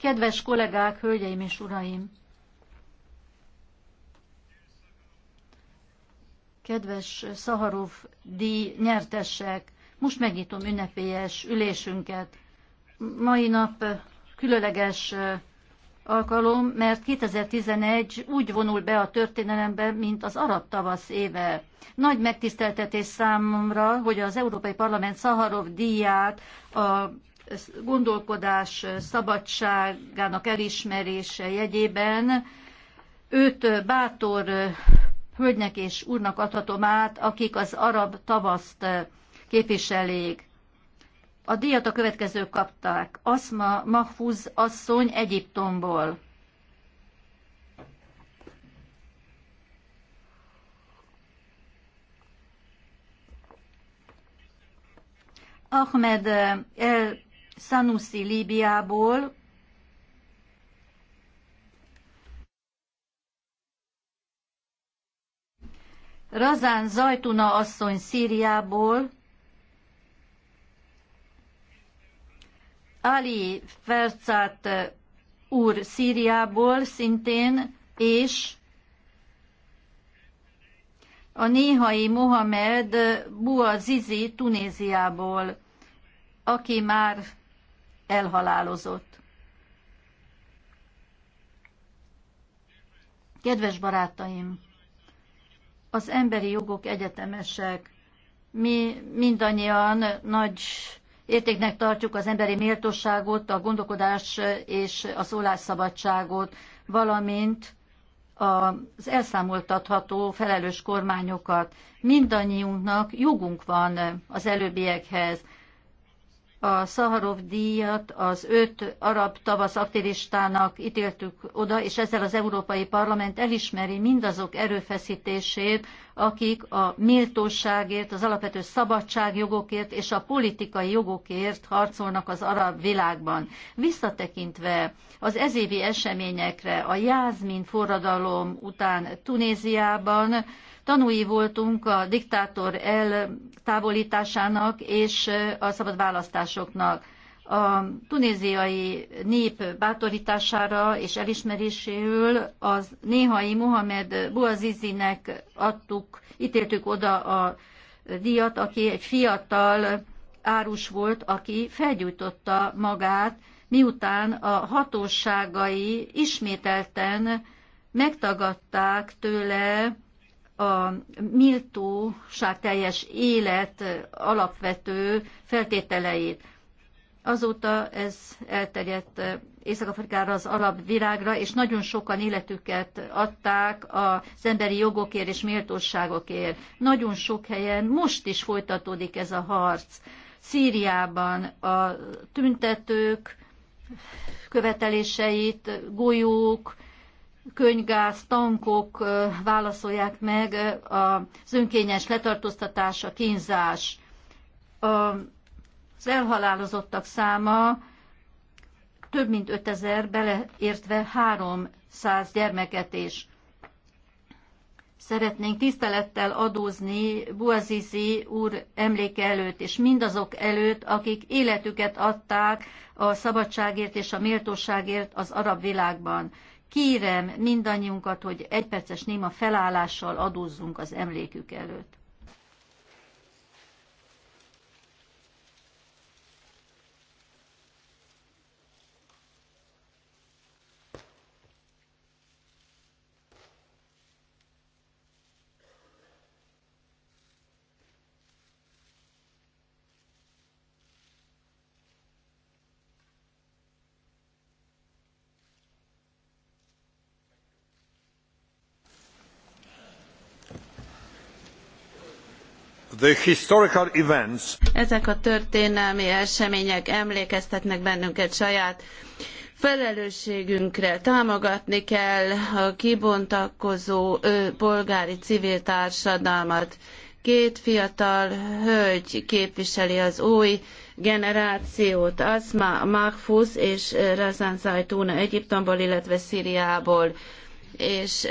Kedves kollégák, hölgyeim és uraim! Kedves Szaharov díj nyertesek, most megnyitom ünnepélyes ülésünket. Mai nap különleges alkalom, mert 2011 úgy vonul be a történelembe, mint az arab tavasz éve. Nagy megtiszteltetés számomra, hogy az Európai Parlament Szaharov díját a gondolkodás eh, szabadságának elismerése jegyében őt eh, bátor eh, hölgynek és úrnak adhatom át, akik az arab tavaszt képviselik. A díjat a következők kapták. Asma Mahfuz asszony Egyiptomból. Ahmed El Sanusi Líbiából, Razán Zajtuna asszony Szíriából, Ali Fercát eh, úr Szíriából szintén, és a néhai Mohamed Bouazizi Tunéziából, aki már elhalálozott. Kedves barátaim, az emberi jogok egyetemesek. Mi mindannyian nagy értéknek tartjuk az emberi méltóságot, a gondolkodás és a szólásszabadságot, valamint az elszámoltatható felelős kormányokat. Mindannyiunknak jogunk van az előbbiekhez a Szaharov díjat az öt arab tavasz aktivistának ítéltük oda, és ezzel az Európai Parlament elismeri mindazok erőfeszítését, akik a méltóságért, az alapvető szabadságjogokért és a politikai jogokért harcolnak az arab világban. Visszatekintve az ezévi eseményekre, a Jázmin forradalom után Tunéziában, Tanúi voltunk a diktátor eltávolításának és a szabad választásoknak. A tunéziai nép bátorítására és elismeréséül az néhai Mohamed Bouazizinek adtuk, ítéltük oda a díjat, aki egy fiatal árus volt, aki felgyújtotta magát, miután a hatóságai ismételten megtagadták tőle a méltóság teljes élet alapvető feltételeit. Azóta ez elterjedt Észak-Afrikára, az arab világra, és nagyon sokan életüket adták az emberi jogokért és méltóságokért. Nagyon sok helyen most is folytatódik ez a harc. Szíriában a tüntetők követeléseit, golyók, könygáz, tankok válaszolják meg az önkényes letartóztatás, a kínzás. Az elhalálozottak száma több mint 5000, beleértve 300 gyermeket is. Szeretnénk tisztelettel adózni Buazizi úr emléke előtt, és mindazok előtt, akik életüket adták a szabadságért és a méltóságért az arab világban. Kérem mindannyiunkat, hogy egy perces néma felállással adózzunk az emlékük előtt. Ezek a történelmi események emlékeztetnek bennünket saját felelősségünkre. Támogatni kell a kibontakozó polgári civil társadalmat. Két fiatal hölgy képviseli az új generációt, Asma Mahfouz és Razan Zajtuna Egyiptomból, illetve Szíriából. És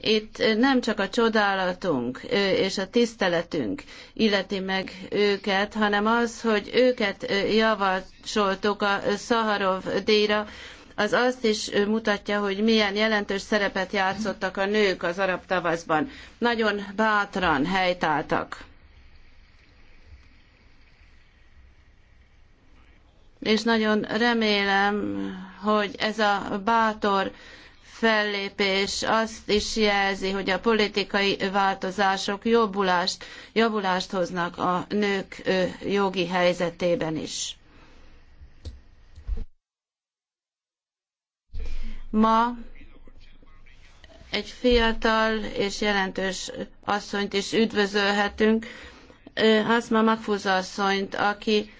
itt nem csak a csodálatunk és a tiszteletünk illeti meg őket, hanem az, hogy őket javasoltuk a Szaharov díjra, az azt is mutatja, hogy milyen jelentős szerepet játszottak a nők az arab tavaszban. Nagyon bátran helytáltak. És nagyon remélem, hogy ez a bátor fellépés azt is jelzi, hogy a politikai változások jobbulást, javulást hoznak a nők jogi helyzetében is. Ma egy fiatal és jelentős asszonyt is üdvözölhetünk, Hasma Magfuza asszonyt, aki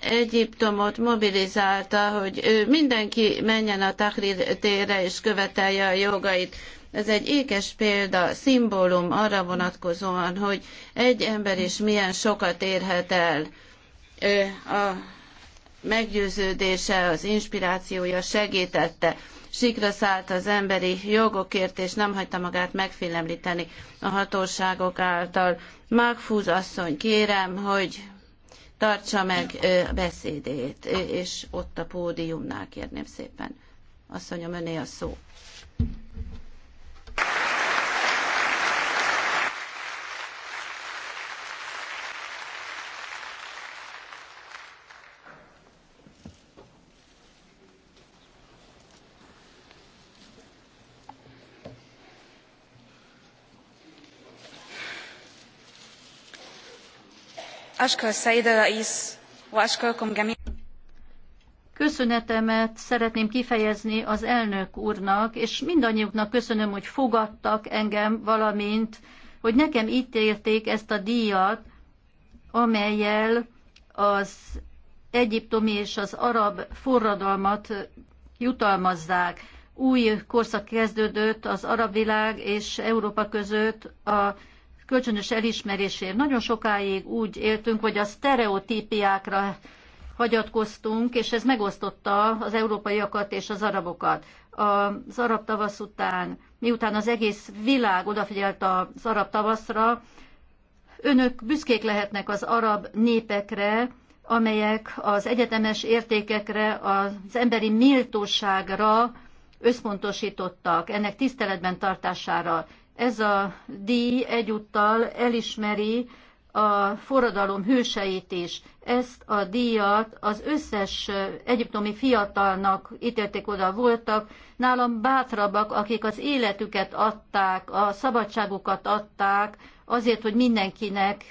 Egyiptomot mobilizálta, hogy mindenki menjen a Tahrir térre és követelje a jogait. Ez egy ékes példa, szimbólum arra vonatkozóan, hogy egy ember is milyen sokat érhet el. A meggyőződése, az inspirációja segítette. Sikra szállt az emberi jogokért, és nem hagyta magát megfélemlíteni a hatóságok által. Mágfúz asszony, kérem, hogy tartsa meg a beszédét, és ott a pódiumnál kérném szépen. Asszonyom, öné a szó. Köszönetemet szeretném kifejezni az elnök úrnak, és mindannyiuknak köszönöm, hogy fogadtak engem, valamint, hogy nekem ítélték ezt a díjat, amelyel az egyiptomi és az arab forradalmat jutalmazzák. Új korszak kezdődött az arab világ és Európa között a kölcsönös elismerésért. Nagyon sokáig úgy éltünk, hogy a sztereotípiákra hagyatkoztunk, és ez megosztotta az európaiakat és az arabokat. Az arab tavasz után, miután az egész világ odafigyelt az arab tavaszra, önök büszkék lehetnek az arab népekre, amelyek az egyetemes értékekre, az emberi méltóságra összpontosítottak, ennek tiszteletben tartására. Ez a díj egyúttal elismeri a forradalom hőseit is. Ezt a díjat az összes egyiptomi fiatalnak ítélték oda voltak, nálam bátrabbak, akik az életüket adták, a szabadságukat adták, azért, hogy mindenkinek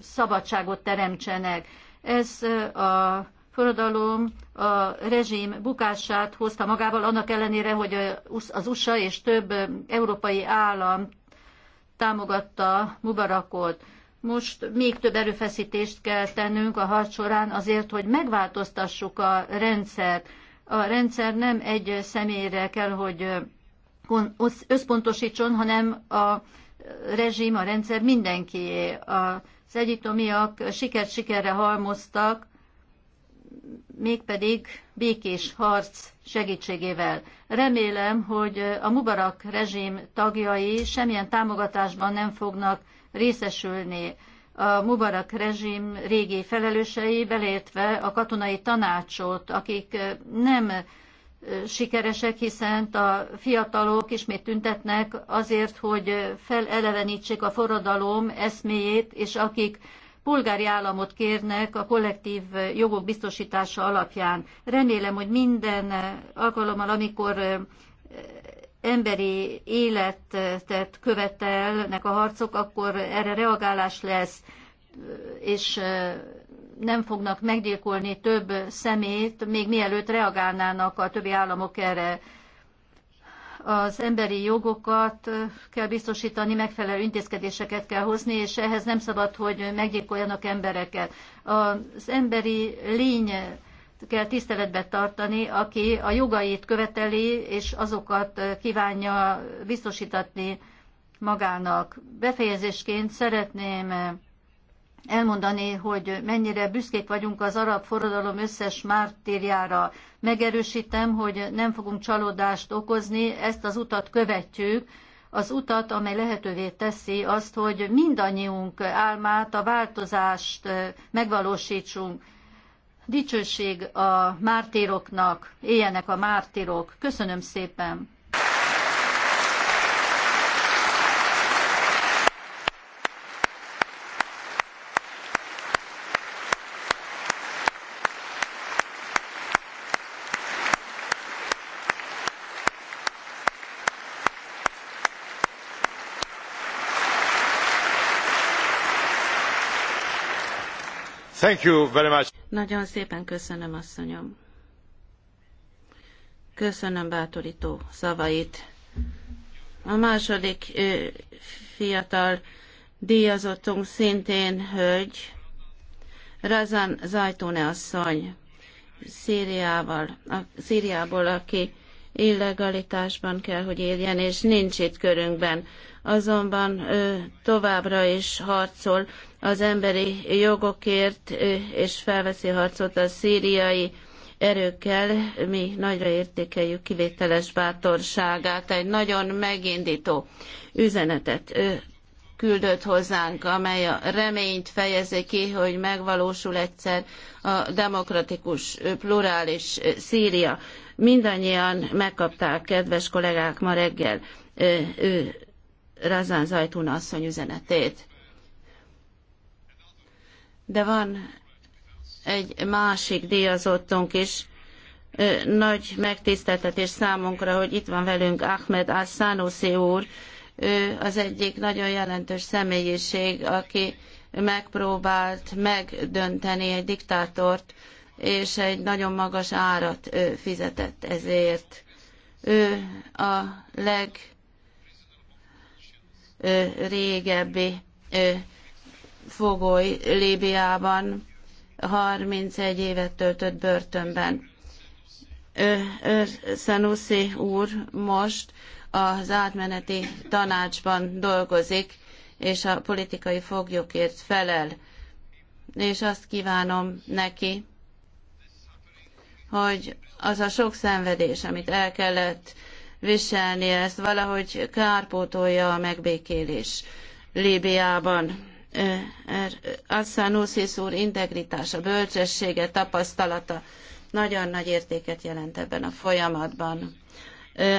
szabadságot teremtsenek. Ez a forradalom a rezsim bukását hozta magával, annak ellenére, hogy az USA és több európai állam támogatta Mubarakot. Most még több erőfeszítést kell tennünk a harc során azért, hogy megváltoztassuk a rendszert. A rendszer nem egy személyre kell, hogy összpontosítson, hanem a rezsim, a rendszer mindenkié. Az egyiptomiak sikert sikerre halmoztak, mégpedig békés harc segítségével. Remélem, hogy a Mubarak rezsim tagjai semmilyen támogatásban nem fognak részesülni a Mubarak rezsim régi felelősei, beleértve a katonai tanácsot, akik nem sikeresek, hiszen a fiatalok ismét tüntetnek azért, hogy felelevenítsék a forradalom eszméjét, és akik polgári államot kérnek a kollektív jogok biztosítása alapján. Remélem, hogy minden alkalommal, amikor emberi életet követelnek a harcok, akkor erre reagálás lesz, és nem fognak meggyilkolni több szemét, még mielőtt reagálnának a többi államok erre az emberi jogokat kell biztosítani, megfelelő intézkedéseket kell hozni, és ehhez nem szabad, hogy meggyilkoljanak embereket. Az emberi lény kell tiszteletben tartani, aki a jogait követeli, és azokat kívánja biztosítatni magának. Befejezésként szeretném elmondani, hogy mennyire büszkék vagyunk az arab forradalom összes mártírjára. Megerősítem, hogy nem fogunk csalódást okozni, ezt az utat követjük, az utat, amely lehetővé teszi azt, hogy mindannyiunk álmát, a változást megvalósítsunk. Dicsőség a mártíroknak, éljenek a mártírok. Köszönöm szépen! Nagyon szépen köszönöm, asszonyom. Köszönöm bátorító szavait. A második fiatal díjazottunk szintén hölgy, Razan Zajtone asszony, Szíriával, a, Szíriából, aki illegalitásban kell, hogy éljen, és nincs itt körünkben. Azonban továbbra is harcol az emberi jogokért, és felveszi harcot a szíriai erőkkel. Mi nagyra értékeljük kivételes bátorságát, egy nagyon megindító üzenetet küldött hozzánk, amely a reményt fejezi ki, hogy megvalósul egyszer a demokratikus, plurális Szíria. Mindannyian megkapták, kedves kollégák, ma reggel ő, Razán Zajtún asszony üzenetét. De van egy másik díjazottunk is, nagy megtiszteltetés számunkra, hogy itt van velünk Ahmed Al-Sanusi úr, ő az egyik nagyon jelentős személyiség, aki megpróbált megdönteni egy diktátort, és egy nagyon magas árat fizetett ezért. Ő a legrégebbi fogoly Líbiában 31 évet töltött börtönben. Szenuszi úr most az átmeneti tanácsban dolgozik, és a politikai foglyokért felel. És azt kívánom neki, hogy az a sok szenvedés, amit el kellett viselni, ezt valahogy kárpótolja a megbékélés Líbiában. Assanusis úr integritása, bölcsessége, tapasztalata nagyon nagy értéket jelent ebben a folyamatban.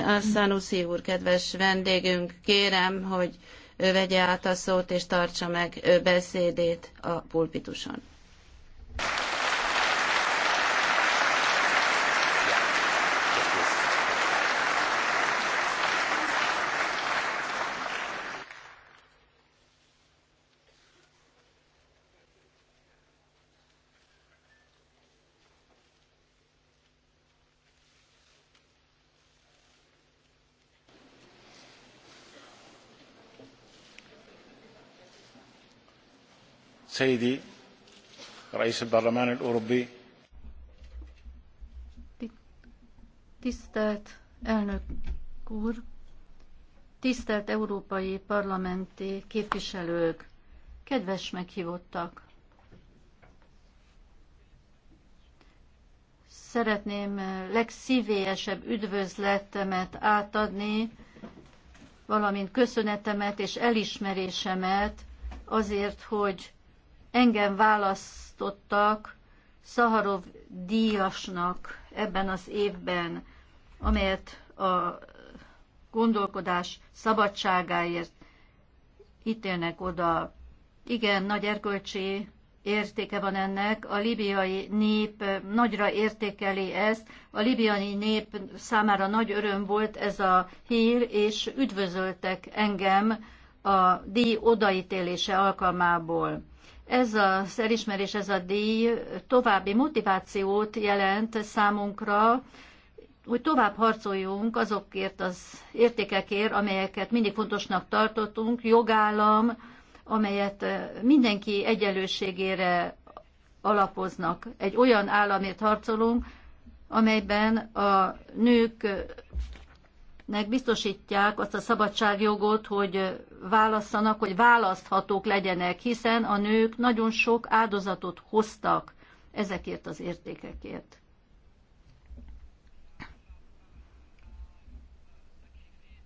Assanusi úr, kedves vendégünk, kérem, hogy vegye át a szót és tartsa meg beszédét a pulpituson. سيدي رئيس البرلمان الأوروبي Tisztelt elnök úr, tisztelt európai parlamenti képviselők, kedves meghívottak! Szeretném legszívélyesebb üdvözletemet átadni, valamint köszönetemet és elismerésemet azért, hogy engem választottak Szaharov díjasnak ebben az évben, amelyet a gondolkodás szabadságáért ítélnek oda. Igen, nagy erkölcsi értéke van ennek. A libiai nép nagyra értékeli ezt. A libiai nép számára nagy öröm volt ez a hír, és üdvözöltek engem a díj odaítélése alkalmából. Ez az elismerés, ez a díj további motivációt jelent számunkra, hogy tovább harcoljunk azokért az értékekért, amelyeket mindig fontosnak tartottunk, jogállam, amelyet mindenki egyenlőségére alapoznak. Egy olyan államért harcolunk, amelyben a nők nek biztosítják azt a szabadságjogot, hogy válasszanak, hogy választhatók legyenek, hiszen a nők nagyon sok áldozatot hoztak ezekért az értékekért.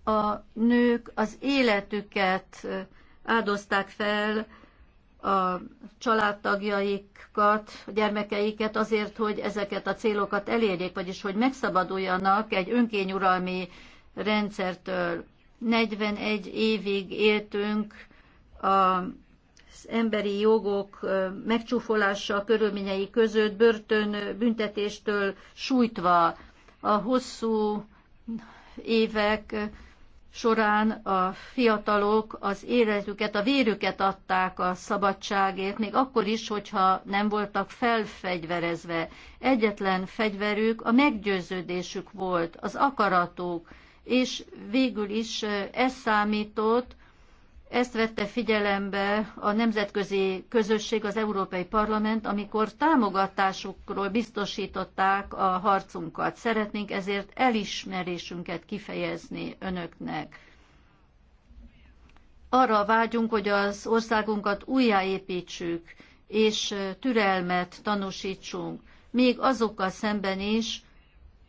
A nők az életüket áldozták fel, a családtagjaikat, a gyermekeiket azért, hogy ezeket a célokat elérjék, vagyis hogy megszabaduljanak egy önkényuralmi rendszertől. 41 évig éltünk az emberi jogok megcsúfolása körülményei között, börtön büntetéstől sújtva. A hosszú évek során a fiatalok az életüket, a vérüket adták a szabadságért, még akkor is, hogyha nem voltak felfegyverezve. Egyetlen fegyverük a meggyőződésük volt, az akaratuk, és végül is ez számított, ezt vette figyelembe a nemzetközi közösség, az Európai Parlament, amikor támogatásukról biztosították a harcunkat. Szeretnénk ezért elismerésünket kifejezni önöknek. Arra vágyunk, hogy az országunkat újjáépítsük, és türelmet tanúsítsunk, még azokkal szemben is,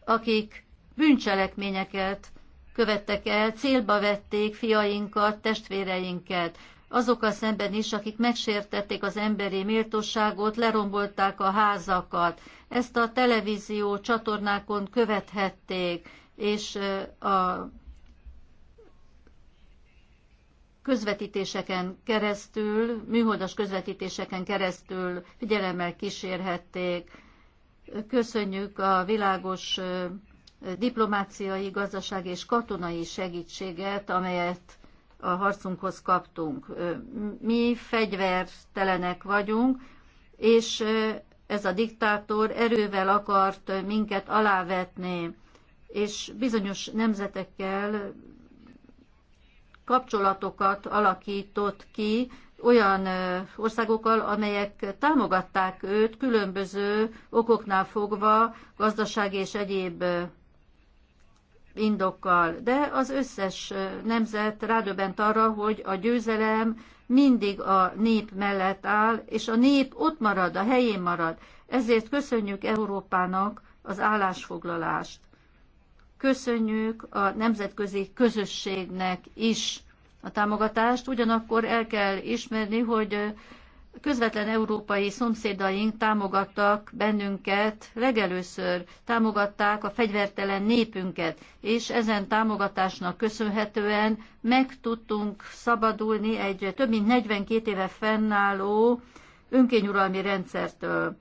akik bűncselekményeket követtek el, célba vették fiainkat, testvéreinket, azokkal szemben is, akik megsértették az emberi méltóságot, lerombolták a házakat. Ezt a televízió csatornákon követhették, és a közvetítéseken keresztül, műholdas közvetítéseken keresztül figyelemmel kísérhették. Köszönjük a világos diplomáciai, gazdasági és katonai segítséget, amelyet a harcunkhoz kaptunk. Mi fegyvertelenek vagyunk, és ez a diktátor erővel akart minket alávetni, és bizonyos nemzetekkel kapcsolatokat alakított ki olyan országokkal, amelyek támogatták őt különböző okoknál fogva, gazdasági és egyéb indokkal, de az összes nemzet rádöbbent arra, hogy a győzelem mindig a nép mellett áll, és a nép ott marad, a helyén marad. Ezért köszönjük Európának az állásfoglalást. Köszönjük a nemzetközi közösségnek is a támogatást, ugyanakkor el kell ismerni, hogy közvetlen európai szomszédaink támogattak bennünket, legelőször támogatták a fegyvertelen népünket, és ezen támogatásnak köszönhetően meg tudtunk szabadulni egy több mint 42 éve fennálló önkényuralmi rendszertől.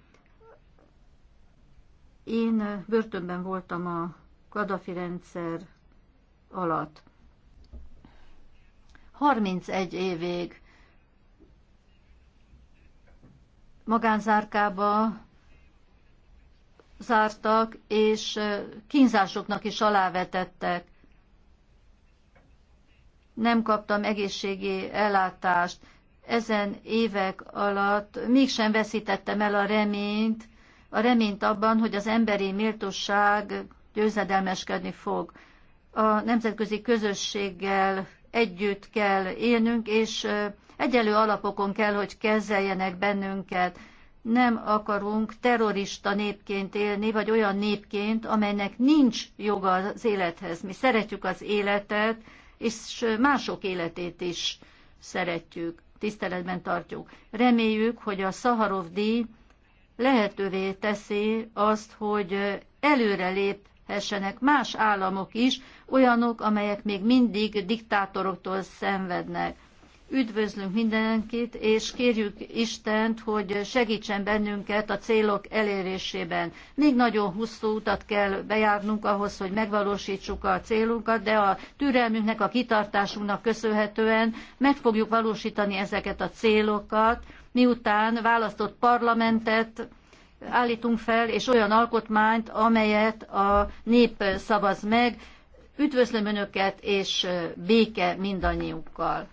Én börtönben voltam a Gaddafi rendszer alatt. 31 évig magánzárkába zártak, és kínzásoknak is alávetettek. Nem kaptam egészségi ellátást. Ezen évek alatt mégsem veszítettem el a reményt, a reményt abban, hogy az emberi méltóság győzedelmeskedni fog. A nemzetközi közösséggel együtt kell élnünk, és Egyelő alapokon kell, hogy kezeljenek bennünket. Nem akarunk terrorista népként élni, vagy olyan népként, amelynek nincs joga az élethez. Mi szeretjük az életet, és mások életét is szeretjük, tiszteletben tartjuk. Reméljük, hogy a Szaharov díj lehetővé teszi azt, hogy előre más államok is, olyanok, amelyek még mindig diktátoroktól szenvednek. Üdvözlünk mindenkit, és kérjük Istent, hogy segítsen bennünket a célok elérésében. Még nagyon hosszú utat kell bejárnunk ahhoz, hogy megvalósítsuk a célunkat, de a türelmünknek, a kitartásunknak köszönhetően meg fogjuk valósítani ezeket a célokat, miután választott parlamentet állítunk fel, és olyan alkotmányt, amelyet a nép szavaz meg. Üdvözlöm Önöket, és béke mindannyiukkal!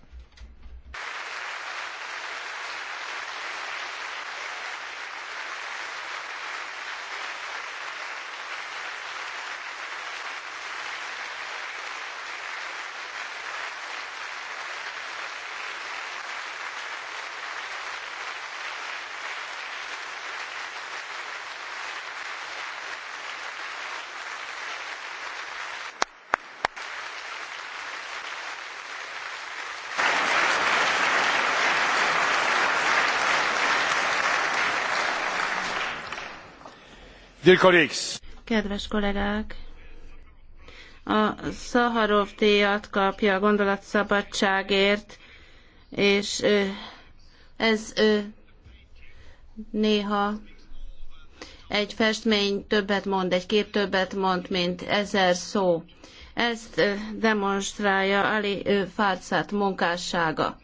Kedves kollégák! A Szaharov díjat kapja a gondolatszabadságért, és ez néha egy festmény többet mond, egy kép többet mond, mint ezer szó. Ezt demonstrálja Ali Fárzát munkássága.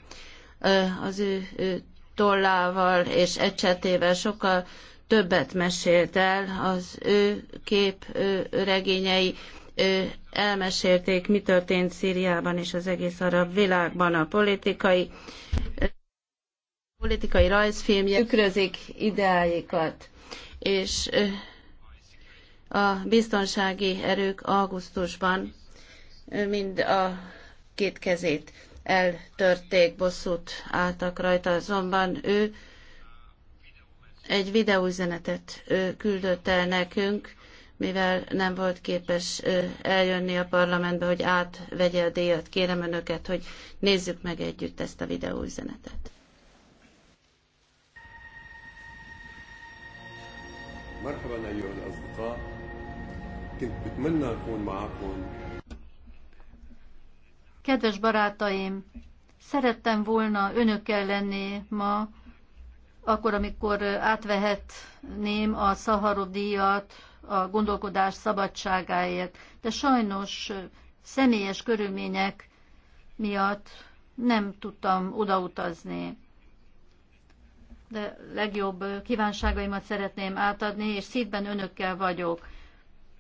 Az ő tollával és ecsetével sokkal többet mesélt el, az ő kép ő regényei ő elmesélték, mi történt Szíriában és az egész arab világban a politikai a politikai rajzfilmje tükrözik ideáikat, és a biztonsági erők augusztusban mind a két kezét eltörték, bosszút álltak rajta, azonban ő egy videóüzenetet küldött el nekünk, mivel nem volt képes eljönni a parlamentbe, hogy átvegye a díjat. Kérem önöket, hogy nézzük meg együtt ezt a videóüzenetet. مرحبا أيها الأصدقاء كنت بتمنى أكون معكم Kedves barátaim, szerettem volna önökkel lenni ma, akkor, amikor átvehetném a Szaharov díjat a gondolkodás szabadságáért. De sajnos személyes körülmények miatt nem tudtam odautazni. De legjobb kívánságaimat szeretném átadni, és szívben önökkel vagyok.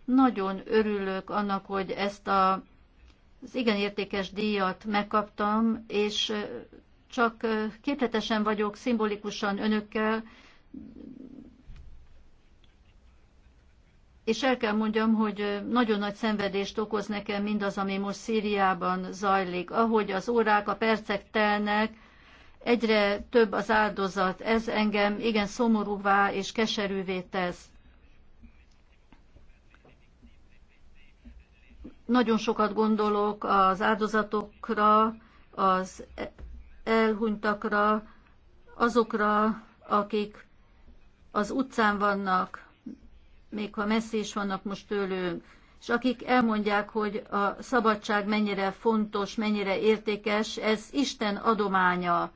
Nagyon örülök annak, hogy ezt a, az igen értékes díjat megkaptam, és csak képletesen vagyok, szimbolikusan önökkel, és el kell mondjam, hogy nagyon nagy szenvedést okoz nekem mindaz, ami most Szíriában zajlik. Ahogy az órák, a percek telnek, egyre több az áldozat. Ez engem igen szomorúvá és keserűvé tesz. Nagyon sokat gondolok az áldozatokra, az elhunytakra, azokra, akik az utcán vannak, még ha messzi is vannak most tőlünk, és akik elmondják, hogy a szabadság mennyire fontos, mennyire értékes, ez Isten adománya.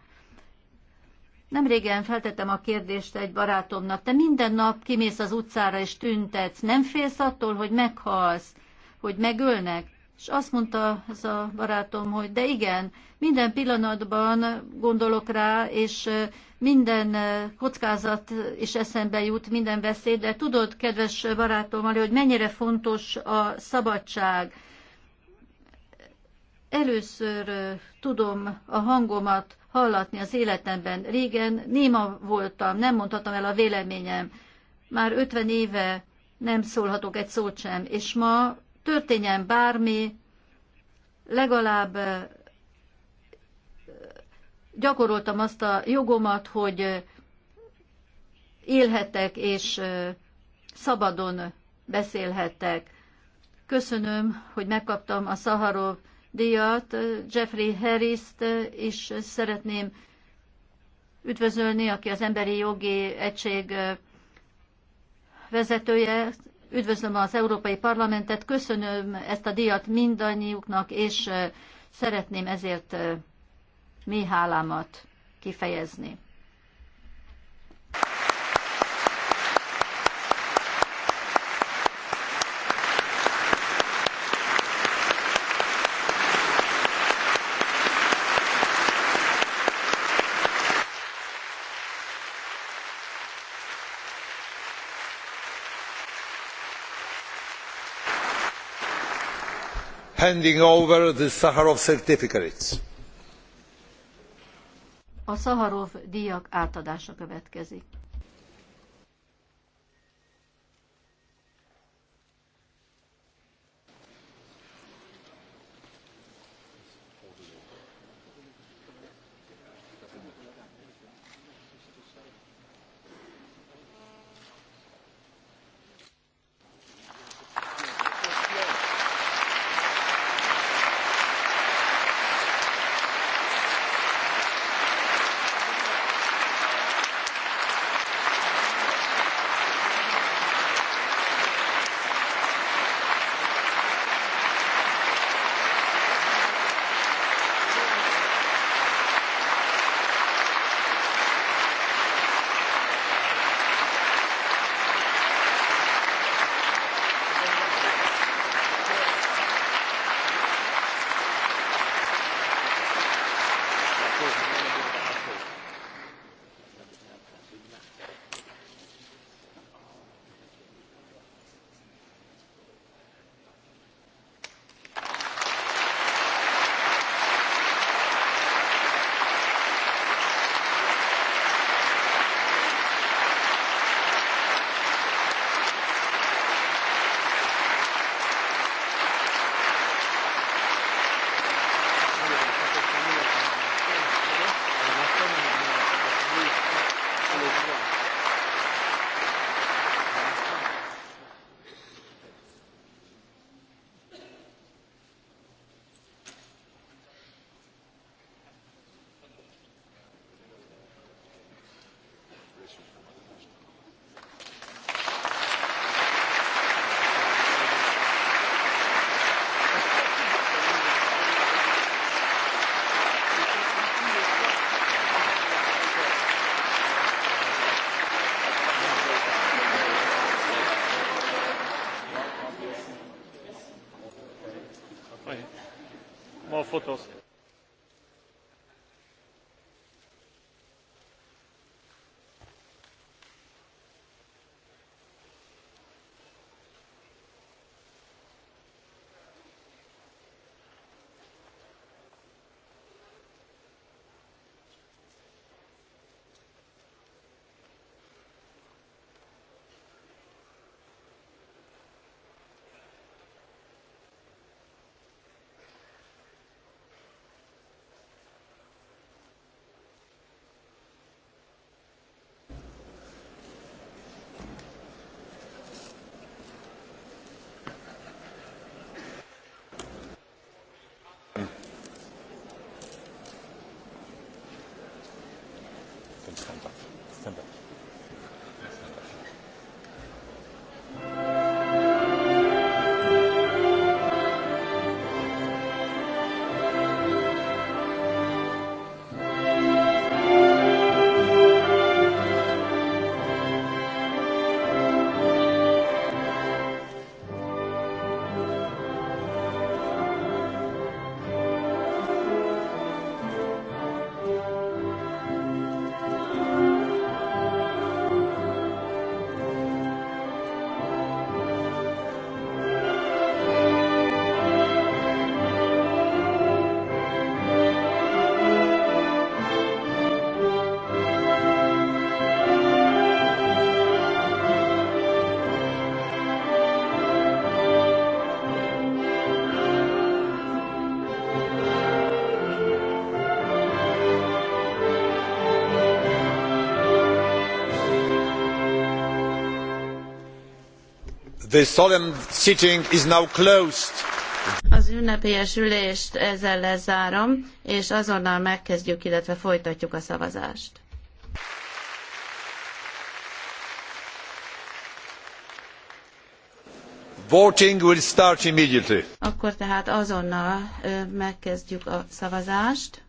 Nem régen feltettem a kérdést egy barátomnak, te minden nap kimész az utcára és tüntetsz, nem félsz attól, hogy meghalsz, hogy megölnek? És azt mondta ez a barátom, hogy de igen, minden pillanatban gondolok rá, és minden kockázat is eszembe jut, minden veszély, de tudod, kedves barátom, hogy mennyire fontos a szabadság. Először tudom a hangomat hallatni az életemben. Régen néma voltam, nem mondhatom el a véleményem. Már 50 éve nem szólhatok egy szót sem, és ma történjen bármi, legalább gyakoroltam azt a jogomat, hogy élhetek és szabadon beszélhetek. Köszönöm, hogy megkaptam a Szaharov díjat, Jeffrey Harris-t is szeretném üdvözölni, aki az Emberi Jogi Egység vezetője, Üdvözlöm az Európai Parlamentet, köszönöm ezt a díjat mindannyiuknak, és szeretném ezért mély hálámat kifejezni. handing over the Sakharov certificates. A Szaharov djak átadása következik. fotóztak. Az ünnepélyes ülést ezzel lezárom, és azonnal megkezdjük, illetve folytatjuk a szavazást. Voting will start immediately. Akkor tehát azonnal megkezdjük a szavazást.